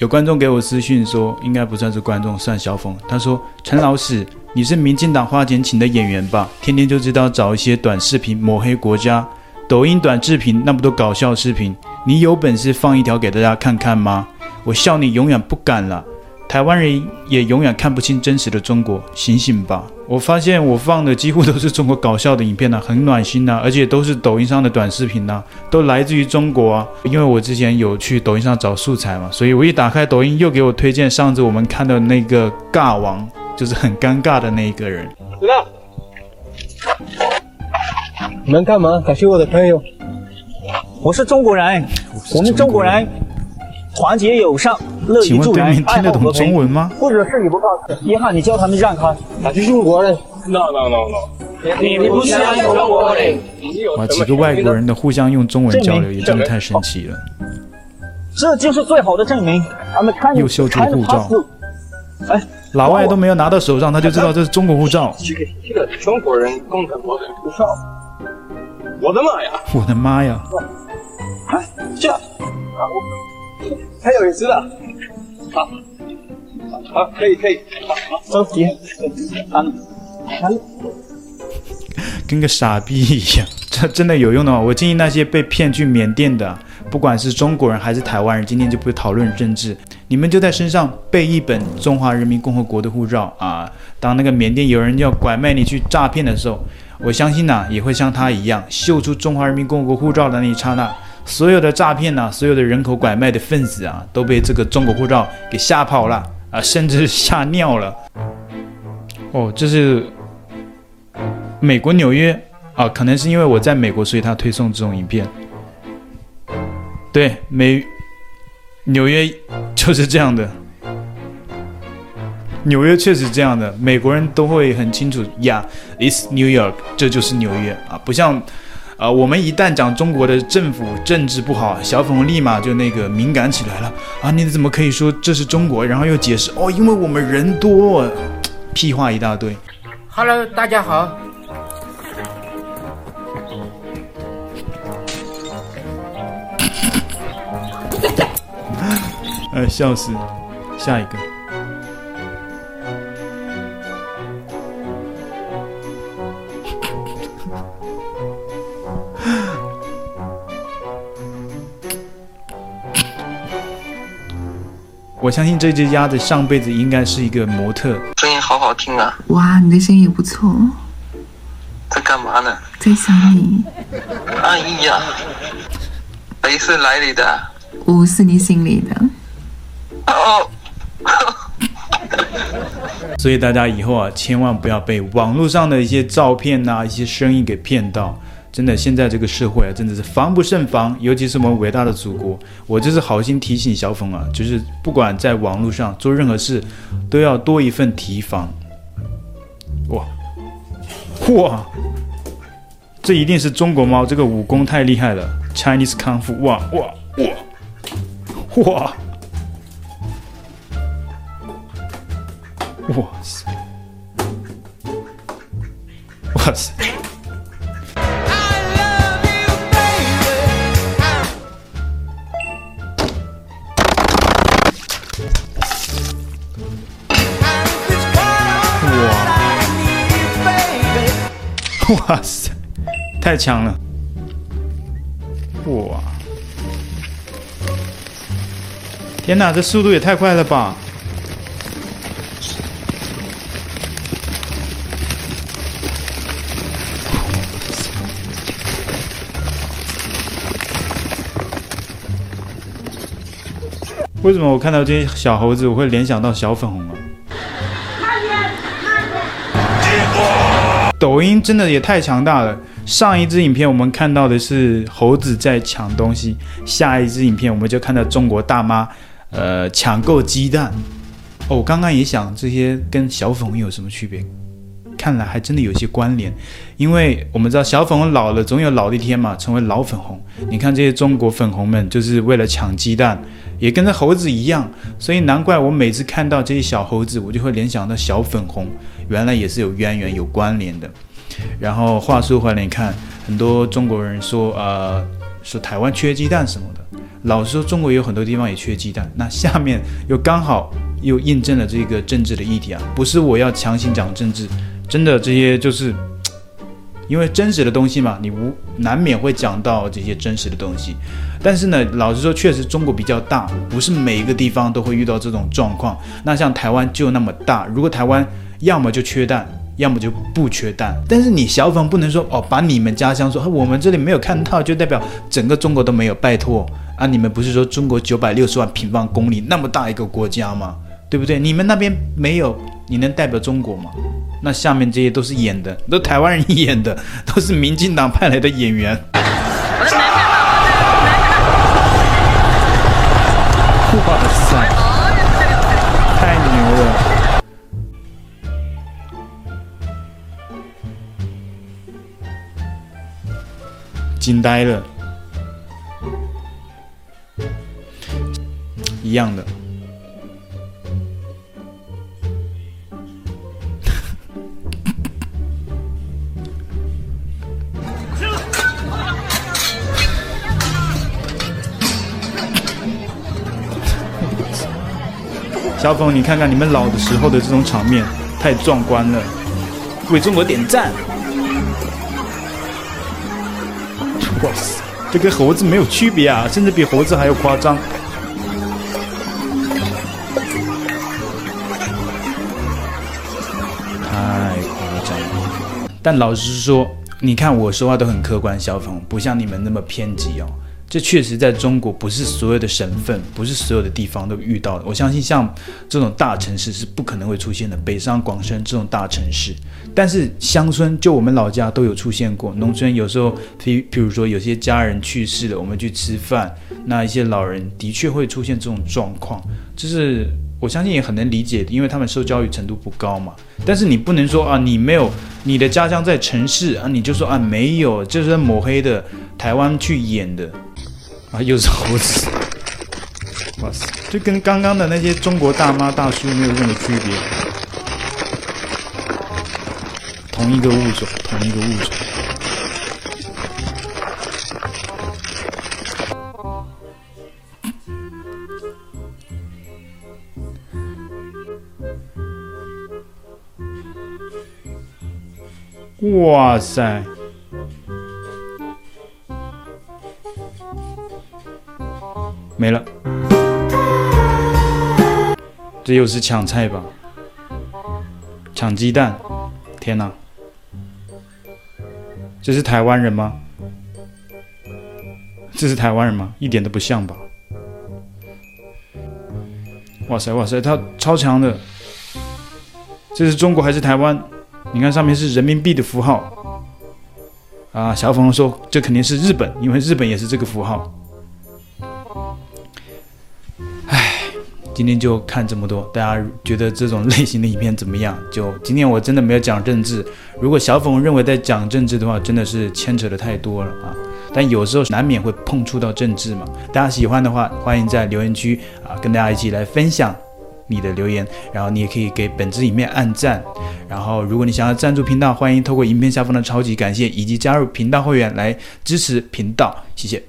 有觀眾給我私信說，應該不算是觀眾，算小粉。他說：“陳老師，你是民進黨花錢請的演員吧？天天就知道找一些短視頻抹黑國家，抖音短視頻那麼多搞笑視頻，你有本事放一條給大家看看嗎？我笑你永遠不敢了。”台灣人也永遠看不清真實的中國，醒醒吧！我發現我放的幾乎都是中國搞笑的影片呢、啊，很暖心呢、啊，而且都是抖音上的短視頻呢、啊，都來自於中國、啊。因為我之前有去抖音上找素材嘛，所以我一打開抖音又給我推薦上次我們看的那個尬王，就是很尷尬的那一個人。你們幹嘛？感謝我的朋友，我是中國人，我們中國人團結友善。請問對面聽得懂中文嗎？或者是你不告訴？你看，你叫他們讓開，這是中國的。那那那那，你你不是外國人？哇，幾個外國人的互相用中文交流，也真的太神奇了、哦。這就是最好的證明。他們看你的，看你護照。哎，老外都沒有拿到手上，他就知道這是中國護照。又秀出護照。哎，老外都沒有拿到手上，他就知道這是、個、中國護照。我的媽呀！我的媽呀！哎、啊，這，、啊、我這還有一次的。好，好，可以可以，好，收起。安，安，跟個傻逼一樣。這真的有用的話，我建議那些被騙去緬甸的，不管是中國人還是台灣人，今天就不討論政治，你們就在身上背一本中華人民共和國的護照啊。當那個緬甸有人要拐賣你去詐騙的時候，我相信呢、啊，也會像他一樣秀出中華人民共和國護照的那一剎那。所有的詐騙吶、啊，所有的人口拐賣的分子啊，都被這個中國護照給嚇跑了啊，甚至嚇尿了。哦，這是美國紐約啊，可能是因為我在美國，所以他推送這種影片。對，美紐約就是這樣的，紐約確實這樣的，美國人都會很清楚呀，It's New York，這就是紐約啊，不像。啊、呃，我們一旦講中國的政府政治不好，小粉紅立馬就那個敏感起來了啊！你怎麼可以說這是中國？然後又解釋哦，因為我們人多，屁話一大堆。Hello，大家好。啊、 呃，笑死，下一個。我相信，這隻鴨子上輩子應該是一個模特。聲音好好聽啊！哇，你的聲音也不錯。在幹嘛呢？在想你。哎呀！你是哪裡的？我是你心裡的。哦。 所以大家以後啊，千萬不要被網絡上的一些照片吶、啊、一些聲音給騙到。真的，現在這個社會啊，真的是防不勝防，尤其是我們偉大的祖國。我就是好心提醒小粉啊，就是不管在網絡上做任何事，都要多一份提防。哇，哇，這一定是中國貓，這個武功太厲害了，Chinese Kung Fu，哇哇哇哇，哇，哇塞，哇塞。哇塞，太強了！哇，天哪，這速度也太快了吧！為什麼我看到這些小猴子，我會聯想到小粉紅啊？抖音真的也太強大了！上一支影片我們看到的是猴子在搶東西，下一支影片我們就看到中國大媽，呃，搶購雞蛋。哦，我剛剛也想這些跟小粉紅有什麼區別？看來還真的有些關聯，因為我們知道小粉紅老了總有老的一天嘛，成為老粉紅。你看這些中國粉紅們，就是為了搶雞蛋，也跟着猴子一樣，所以難怪我每次看到這些小猴子，我就會聯想到小粉紅。原來也是有淵源、有關聯的。然後話說回來，你看很多中國人說啊、呃，說台灣缺雞蛋什麼的。老實說，中國也有很多地方也缺雞蛋。那下面又剛好又印證了這個政治的議題啊。不是我要強行講政治，真的這些就是因為真實的東西嘛，你無難免會講到這些真實的東西。但是呢，老實說，確實中國比較大，不是每一個地方都會遇到這種狀況。那像台灣就那麼大，如果台灣。要麼就缺蛋，要麼就不缺蛋。但是你小粉不能說哦，把你們家鄉說我們這裡沒有看到，就代表整個中國都沒有。拜託啊，你們不是說中國九百六十萬平方公里那麼大一個國家嗎？對不對？你們那邊沒有，你能代表中國嗎？那下面這些都是演的，都是台灣人演的，都是民進黨派來的演員。啊！驚呆了，一樣的。小峰，你看看你們老的時候的這種場面，太壯觀了！為中國點讚。哇塞，這跟猴子沒有區別啊，甚至比猴子還要誇張，太誇張了。但老實說，你看我說話都很客觀，小粉不像你們那麼偏激哦。這確實在中國不是所有的省份，不是所有的地方都遇到的。我相信像這種大城市是不可能會出現的，北上廣深這種大城市。但是鄉村，就我們老家都有出現過。農村有時候，譬如說有些家人去世了，我們去吃飯，那一些老人的確會出現這種狀況。就是我相信也很能理解的，因為他們受教育程度不高嘛。但是你不能說啊，你沒有你的家鄉在城市啊，你就說啊沒有，就是抹黑的台灣去演的。又是猴子，哇塞！就跟剛剛的那些中國大媽大叔沒有任何區別，同一個物種，同一個物種。哇塞！沒了，這又是搶菜吧？搶雞蛋！天哪，這是台灣人嗎？這是台灣人嗎？一點都不像吧！哇塞哇塞，他超強的！這是中國還是台灣？你看上面是人民幣的符號啊！小粉紅說這肯定是日本，因為日本也是這個符號。今天就看這麼多，大家覺得這種類型的影片怎麼樣？就今天我真的沒有講政治，如果小粉紅認為在講政治的話，真的是牽扯的太多了啊。但有時候難免會碰觸到政治嘛，大家喜歡的話，歡迎在留言區啊跟大家一起來分享你的留言，然後你也可以給本子裡面按讚，然後如果你想要贊助頻道，歡迎透過影片下方的超級感謝以及加入頻道會員來支持頻道，謝謝。